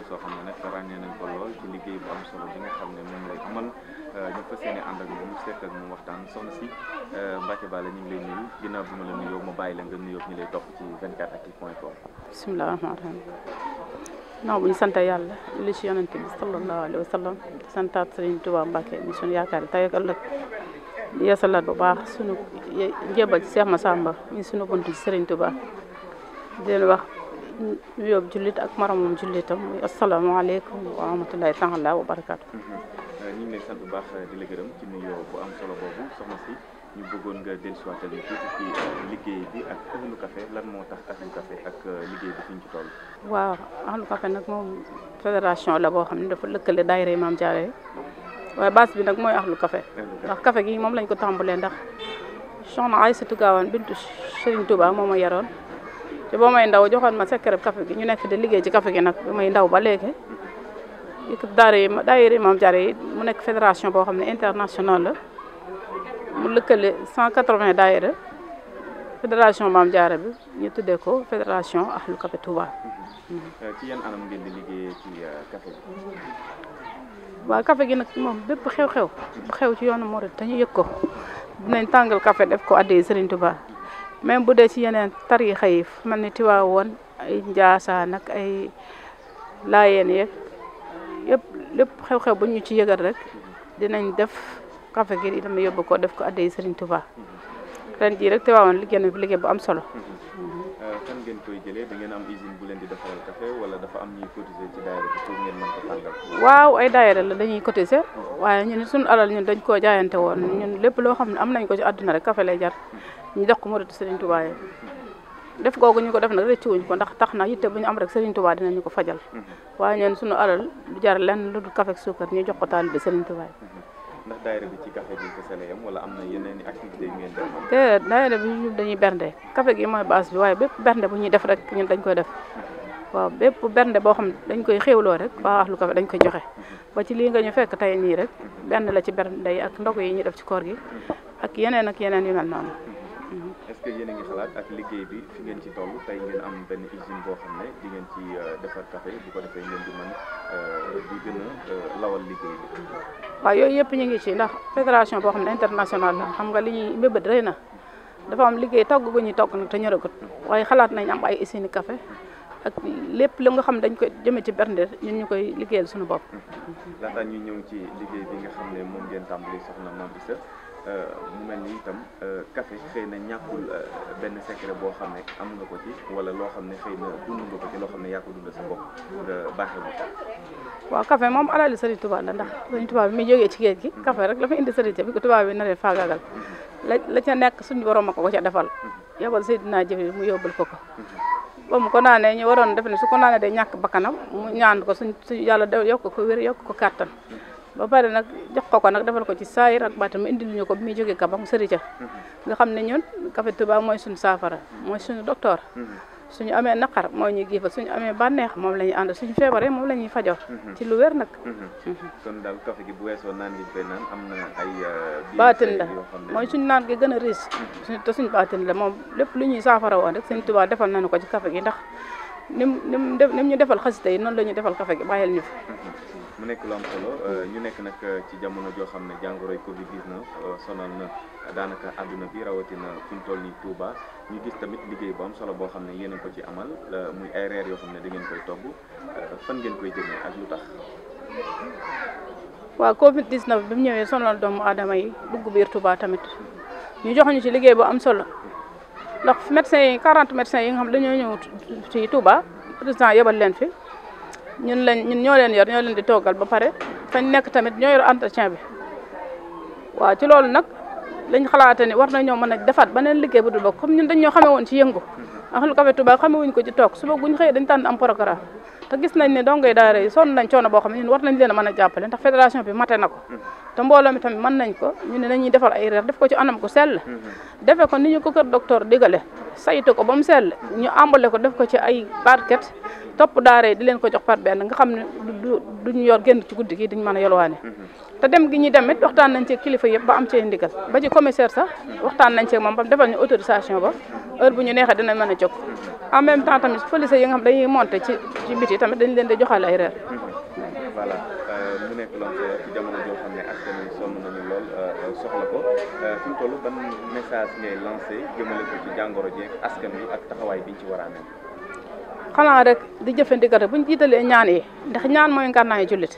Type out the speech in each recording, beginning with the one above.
la soo xam ne nag ràññee nañ ko lool ci liggéey bu am solo bi nga xam ne moom lay amal euh, ñu fas yéene ànd ak moom seet ak moom waxtaan soxna si euh, Mbacké Balla ñu ngi lay nuyu ginnaaw bi ma la nuyoo ma bàyyi la nga nuyoo ñu lay topp ci 24actu point com. bisimilah rahmaani rahiim. non bu ñu sant yàlla li ci yonent bi sallallahu alayhi wa sallam santaat Sëriñ Tuubaa Mbacké mi suñu yaakaar tey ak ëllëg di yeesalaat bu baax suñu njébal ci ma Massamba mi suñu bunt ci Sëriñ Tuubaa nuyoo jullit ak moromam jullitam muy asalaamaaleykum wa rahmatulahi taala wa barakaatu. Mhm. Euh, ñu ngi lay sant bu baax euh, di la gërëm ci nuyoo bu am solo boobu ñu bëggoon nga dellusiwaat tamit euh, bi ak ahlu moo tax ahlu ak liggéey bi fi ñu nag moom fédération la boo xam ne dafa lëkkale daayira Maam Jaara waaye base bi nag mooy ahlu café ndax kafe gi moom lañ ko tàmbalee ndax soxna Aysatu Gaawaan bintu Sëriñ Tuubaa moo ma yaroon. ci boo may ndaw joxoon ma secret café gi ñu nekk di liggéey ci café gi nag bi may ndaw ba léegi équipe daara yi daayira Maam Jaara mu nekk fédération boo xam ne internationale la mu lëkkale 180 daayira fédération Maam Jaara bi ñu tuddee ko fédération Ahlu Café Touba. Euh, ci euh, gi. nag moom bépp xew-xew bu xew ci yoonu Mouride te ñu ko dinañ tàngal café def ko addee Serigne Touba. même bu dee ci yeneen tariixa yi man ni woon ay Njaasaan nag ay Laayeen yeeg yëpp lépp xew-xew bu ñu ci yëgal rek dinañ def café gi dama yóbbu ko def ko addee Serigne Touba ren jii rek Tiwaawoon liggéey na bu am solo. Mm-hmm. kan ngeen koy jëlee da ngeen am wala dafa am ñuy waaw ay daayira la dañuy cotiser waaye ñun suñu alal ñun dañ koo jaayante woon ñun lépp loo xam ne am nañ ko ci àdduna rek café lay jar ñu jox ko Mouride Serigne Touba yi def googu ñu ko def nag rëccuwuñ ko ndax tax na yitte bu ñu am rek Serigne Touba dinañu ko fajal mhm. waaye ñun suñu alal du jar lenn lu dul café ak suukar ñu jox ko taalibe Serigne Touba yi mhm. ndax daayira bi ci café gi kese la yem wala am na yeneen activité yu ngeen def. déedéet daayira bi ñun dañuy bernde café gi mooy base bi waaye bépp bernde bu ñuy def rek ñun dañ koy def waaw bépp bernde boo xam ne dañ koy xéwloo rek waa ahlu café dañ koy joxe ba ci lii nga ñu fekk tey nii rek benn la ci bernde yi ak ndog yi ñu def ci koor gi ak yeneen ak yeneen yu mel noonu. est-ce que a ngi xalaat ak liggéey bi fi ngeen ci toll tey ngeen am benn usine boo xam ne di euh, ko defee ngeen di mën euh, di gën a euh, lawal liggéey bi. waaw yooyu yëpp ñu ngi ci ndax fédération boo xam ne internationale xam nga li ñuy mbébét rëy na dafa am liggéey togg gu ñuy togg nag te ñoragut waaye xalaat nañ am ay usine kafe ak lépp li nga xam dañ koy jëme ci bernde ñun ñu koy liggéeyal suñu bopp. ñu ñëw ci liggéey bi xam ne moom ngeen tàmbali Euh, mu mel ni itam euh, café xëy na ñàkkul euh, benn secret boo xam ne am nga ko wala loo xam ne xëy ci loo xam ne yaa ko dund sa bopp nga baaxee ko. waaw café moom alali Sëriñ Tuubaa la ndax Sëriñ Tuubaa bi muy jógee ci géej gi café rek la fa indi Sëriñ bi ko tubaab bi naree faagaagal la la ca nekk suñu borom ma ko ko ca defal yabal Seydina Jibril mu yóbbul ko ko. ba ko naanee ñu waroon def ne su ko naanee day ñàkk bakkanam mu ñaan ko suñ suñ yàlla yokk ko wér yokk ko kàttan. ba pare nag jox ko ko nag defal ko ci saayir ak baatam indil ñu ko bi muy jógee Gabon sëri ca mhm. nga xam ne ñun café Touba mooy suñu saafara mooy suñu docteur mhm. suñu amee naqar mooy ñuy giifal suñu amee bànneex moom la ñuy ànd suñu feebaree moom la ñuy fajor mhm. ci lu wér nag kon daal café gi bu weesoo naan gi am na ay euh, baatin la mooy suñu naan gi gën a riis suñu te suñu baatin la moom lépp lu ñuy saafara woon rek Sëñ Tuubaa defal nañu ko ci café gi ndax nim nim nim ñu defal xasida yi noonu la ñuy defal café gi bàyyil ñu fi mu nekk lu am solo euh, ñu nekk nag euh, ci jamono joo xam ne jàngoroy Covid 19 euh, sonal na daanaka àdduna bi rawatina fi mu toll nii ñu gis tamit liggéey bu am solo boo xam ne yéen a ko ci amal muy ay reer yoo xam ne da ngeen koy togg fan ngeen koy jëmee ak lu tax. waaw Covid 19 bi mu ñëwee sonal doomu aadama yi dugg biir Touba tamit ñu jox ñu ci liggéey bu am solo ndax médecins yi 40 médecins yi nga xam dañoo ñëw ci Touba président yebal leen fi. ñun lañ ñun ñoo leen yor ñoo leen di toggal ba pare fañ nekk tamit ñoo yor bi waaw ci loolu nag lañ xalaate ni war ñoo mën a defaat beneen liggéey bu dul bokk comme ñun dañ ñoo xamee woon ci yëngu Ahlu Café Touba xamewuñ ko ci toog suba guñ xëyee dañ tànn am programme te gis nañ ne dongay daara yi sonn nañ coono boo xam ne ñun war nañ leen a mën a jàppale ndax fédération bi mate na ko te mbooloo mi tamit mën nañ ko ñu ne nañuy defal ay reer def ko ci anam ku sell defe ko ni ñu ko kër docteur digale saytu ko ba mu sell ñu àmbale ko def ko ci ay barket topp daara di leen ko jox par benn nga xam ne du duñ yor génn ci guddi gi diñ mën a yolwaane te dem gi ñuy dem it waxtaan nañ ci kilifa yëpp ba am cee ndigal ba ci commissaire sax waxtaan nañ ci moom ba defal ñu autorisation ba heure bu ñu neexee dinañ mën a jóg en même temps tamit police yi nga dañ leen di joxal ay reer voilà euh, mu nekk loon ci jamono joo xam ne askan wi sonn nañu lool euh, soxla ko euh, fi mu toll ban message ngay lancé jëmale ko ci jàngoro jeeg askan wi ak taxawaay biñ ci war a amee xanaa rek di jëfandikoo rek bu ñu jiitalee ñaan yi ndax ñaan mooy ngànnaay jullit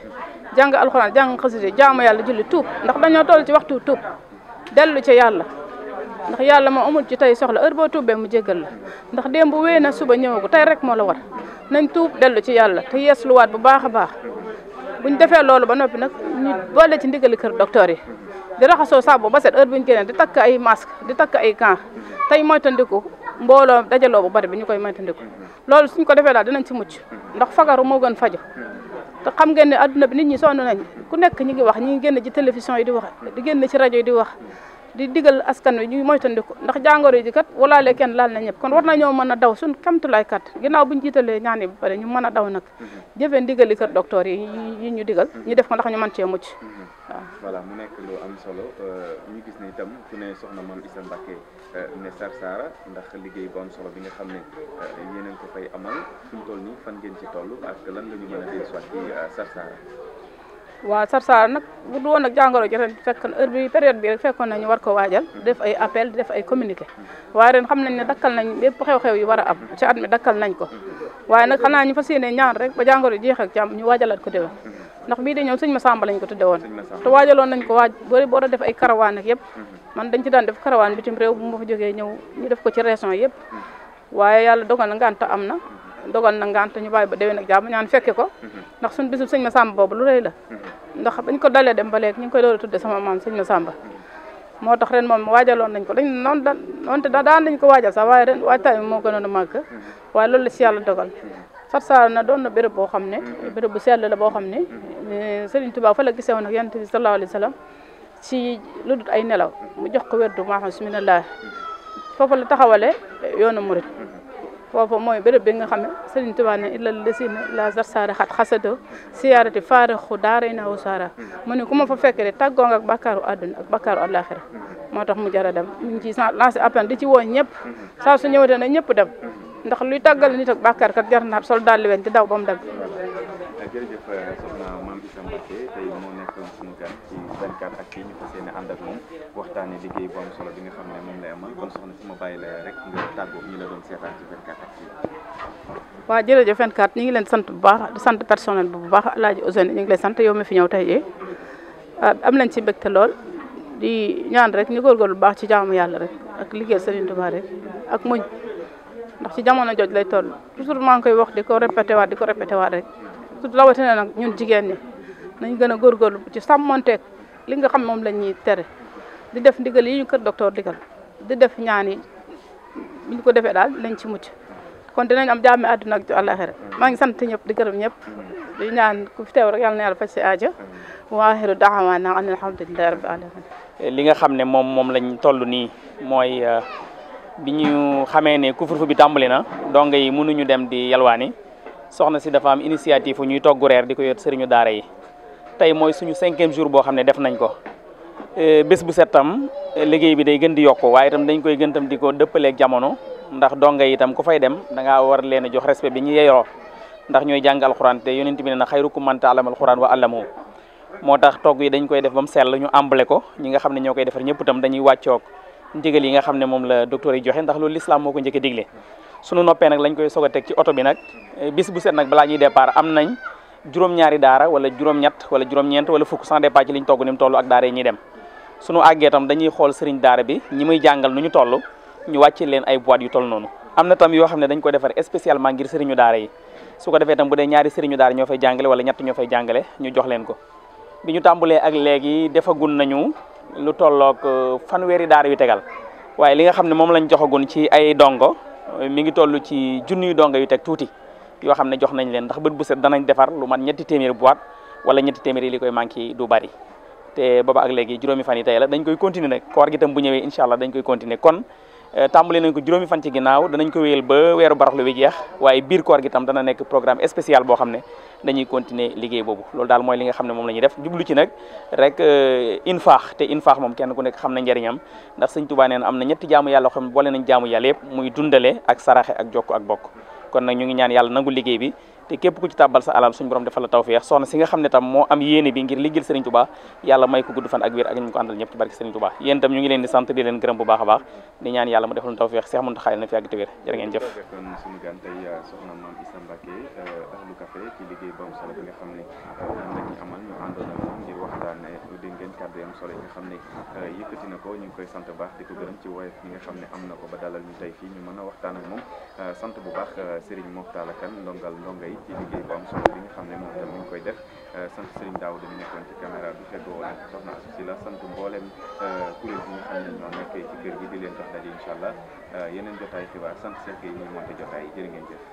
jàng alxuraan jàng xasida jaamu yàlla jullit tuub ndax dañoo toll ci waxtu tuub dellu ci yàlla ndax yàlla moo amul ci tey soxla heure boo be mu jéggal la ndax démb bu wéy na suba ñëwagu tey rek moo la war nañ tuub dellu ci yàlla te yeesluwaat bu baax a baax buñ defee loolu ba noppi nag ñu boole ci ndigali kër docteur yi di raxasoo saabu ba set heure buñ génnee di takk ay masque di takk ay gants tey moytandiku mbooloo dajaloo bu bari bi ñu koy moytandiku loolu suñ ko defee daal dinañ ci mucc ndax fagaru moo fajo faju te xam ngeen ne adduna bi nit ñi sonn nañ ku nekk ñi ngi wax ñi ngi génn ci télévision yi di wax di génn ci rajo yi di wax di digal askan wi ñuy moytandiku ndax jàngoro ji kat walaale kenn laal na ñëpp kon war nañoo mën a daw suñ kamtulaay kat ginnaaw bu ñu jiitalee ñaan yi ba pare ñu mën a daw nag mhm. jëfee ndigali kat docteur yi yi ñu digal mhm. ñu def ko ndax ñu man cee mucc mhm. waaw mu nekk lu am solo euh, ñu gis ne itam ku ne soxna Mame Issa Mbacké euh, ne Sarsara ndax liggéey bu am solo bi nga xam ne euh, yéen a ko fay amal fi mu toll nii fan ngeen ci toll ak lan la ñu mën a yi ci Sarsara waaw Sarsara nag bu woon nag jàngoro ji ren fekk heure bi période bi rek fekkoon nañu war ko waajal def ay appel def ay communiqué waaye ren xam nañ ne dakkal nañ bépp xew-xew yi war a am ci at mi dakkal nañ ko waaye nag xanaa ñu fa yéene ñaan rek ba jàngoro jeex ak jàmm ñu waajalaat ko déwén ndax bii di ñëw ma Masamba lañ ko tudde woon te waajaloon nañ ko waaj bari boo doon def ay karawaan ak yëpp mhm. man dañ ci daan def karawaan bitim réew bu ma fa ñëw ñu def ko ci région yëpp waaye yàlla dogal na ngànta am na dogal na ngant ñu bàyyi ba déwén ak jàmm ñaan fekke ko mhm. ndax suñu bisub sëñ ma sàmba boobu lu rëy la mhm. ndax bañ ko dalee dem ba léegi ñu ngi koy doole tudde sama maam sëñ na sàmba mhm. moo tax ren moom waajaloon nañ ko dañ noonu da noonte da daan nañ ko waajal sax waaye ren waajtaay bi moo gënoon a màgg waaye loolu la si yàlla dogal Sarsara na doon na béréb boo xam ne béréb bu sell la boo xam ne Sëriñ Tuubaa fa la gisee woon ak yonent bi sallallahu alayhi si lu dul ay nelaw mu jox ko wérdu maa xam bismillah foofu la taxawale yoonu murit foofu mooy béréb bi nga xam ne Sëriñ Tuubaa ne illal lasina la zarsaara xat xasado siyaarati faarixu daaray na wasaara mu ne ku ma fa fekk de tàggoo nga ak bàkkaaru àdduna ak bàkkaaru àllaaxira moo tax mu jara dem ñu ngi ci lancé appen di ci woo ñëpp saa su ñëwatee na ñëpp dem ndax luy tàggal nit ak bàkkaar ka jar na sol daal di weñ te daw ba Mbacké tey moo nekkoon suñu si ma bàyyi la rek nga tàggoo ñu la ngi leen sant bu baax sant personnel bu baax El Hadj Ousseynou ñu ngi lay sant yow mi fi ñëw tey ah, am nañ ci mbégte lool di ñaan rek ñu góorgóorlu bu baax ci jaamu yàlla rek ak liggéeyal Serigne Touba rek ak muñ ndax ci jamono jooju lay toll toujours maa ngi koy wax di ko répété waat di ko répété waat rek rawatina nag ñun jigéen ñi nañ gën a góorgóorlu ci sàmmonteeg li nga xam moom la ñuy tere di def ndigal yi ñu kër docteur di def ñaan yi ko defee daal dinañ ci mucc kon dinañ am jàmm àdduna ak àllaaxira maa ngi sant ñëpp di gërëm ñëpp di ñaan ku fi teew rek yàlla na yàlla faj si aajo wa aaxiru da'waanaa an alhamdulillahi rabbil li nga xam ne moom moom lañ toll nii mooy euh, bi ñu xamee ne couvre-feu bi tàmbali na donga yi mënuñu dem di yalwaani soxna si dafa am initiative ñuy togg reer di ko yot sëriñu daara yi tey mooy suñu cinquième jour boo xam ne def nañ ko e, bés bu set tam e, liggéey bi day gën di yokku waaye itam dañ koy gën tam di ko dëppaleeg jamono ndax donga yi itam ku fay dem da ngaa war leen a jox respect bi ñu yeyoo ndax ñooy jàng alxuraan te yonent bi ne na xayrukum man ta'allama alxuraan wa allamahu moo tax togg yi dañ koy def ba mu sell ñu àmbale ko ñi nga xam ne ñoo koy defar ñëpp tam dañuy wàccoog ndigal yi nga xam ne moom la docteur yi joxe ndax loolu lislaam moo ko njëkk a a teg ci oto bi nag e, juróom-ñaari daara wala juróom-ñett wala juróom-ñeent wala fukk sans départ ci liñ togg ni mu toll ak daara yi ñuy dem suñu àggee tam dañuy xool sëriñ daara bi ñi muy jàngal nu ñu toll ñu wàcce leen ay boîte yu toll noonu am na tam yoo xam ne dañ ko defar spécialement ngir sëriñu daara yi su ko defee tam bu dee ñaari sëriñu daara ñoo fay jàngale wala ñett ñoo fay jàngale ñu jox leen ko bi ñu tàmbulee ak léegi defagun nañu lu tollook euh, fanweeri daara yu tegal waaye li nga xam ne moom lañ joxagun ci ay dongo mi ngi toll ci junniy dongo yu teg tuuti yoo xam ne jox nañ leen ndax bët bu set danañ defar lu man ñetti téeméeri boîte wala ñetti téeméeri li koy manqué du bari te booba ak léegi juróomi fan yi tey la dañ koy continuer nag gi tam bu ñëwee incha allah dañ koy continuer kon euh, tàmbale nañ ko juróomi fan ci ginnaaw danañ ko wéyal ba weeru baraxlu wi jeex waaye biir koor gi tam dana nekk programme spécial boo xam ne dañuy continuer liggéey boobu loolu daal mooy li nga xam ne moom la ñuy def jublu ci nag rek euh, infaax te infaax moom kenn ku nekk xam na njëriñam ndax sëñ Tuubaa am na ñetti jaamu yàlla xam boole nañ jaamu yàlla yëpp muy dundale ak ak jokk ak bokk kon nag ñu ngi ñaan yàlla nangu liggéey te képp ku ci tàbbal sa alal suñu borom defal la tawfeex soxna si nga xam ne tam moo am yéene bi ngir liggéeyal Serigne Touba yàlla may ko gudd fan ak wér ak ñu ko sant di leen a baax di ñaan yàlla mu defal ñu euh, euh, bi nga xam ne euh, moom la ñu amal ñu àndoon xam ne yëkkati ko sant bu baax di ko gërëm ci woyof yi nga xam ne am na ko ba dalal ñu tey fii ñu mën a waxtaan ak moom sant bu baax Serigne Mokhtar Kane ndongal ndonga yi ci liggéey bu am solo bi nga xam ne moom tam mi ngi koy def euh, sant Serigne Daaw dañu nekkoon ci caméra bi feggoo nag soxna Asou si la sant mboolem euh, kuréel bi nga xam ne ñoo nekkee ci kër gi di leen jox daje incha allah euh, yeneen jotaay xibaar sant Seck yi ñu monte jotaay yi jërë ngeen jëf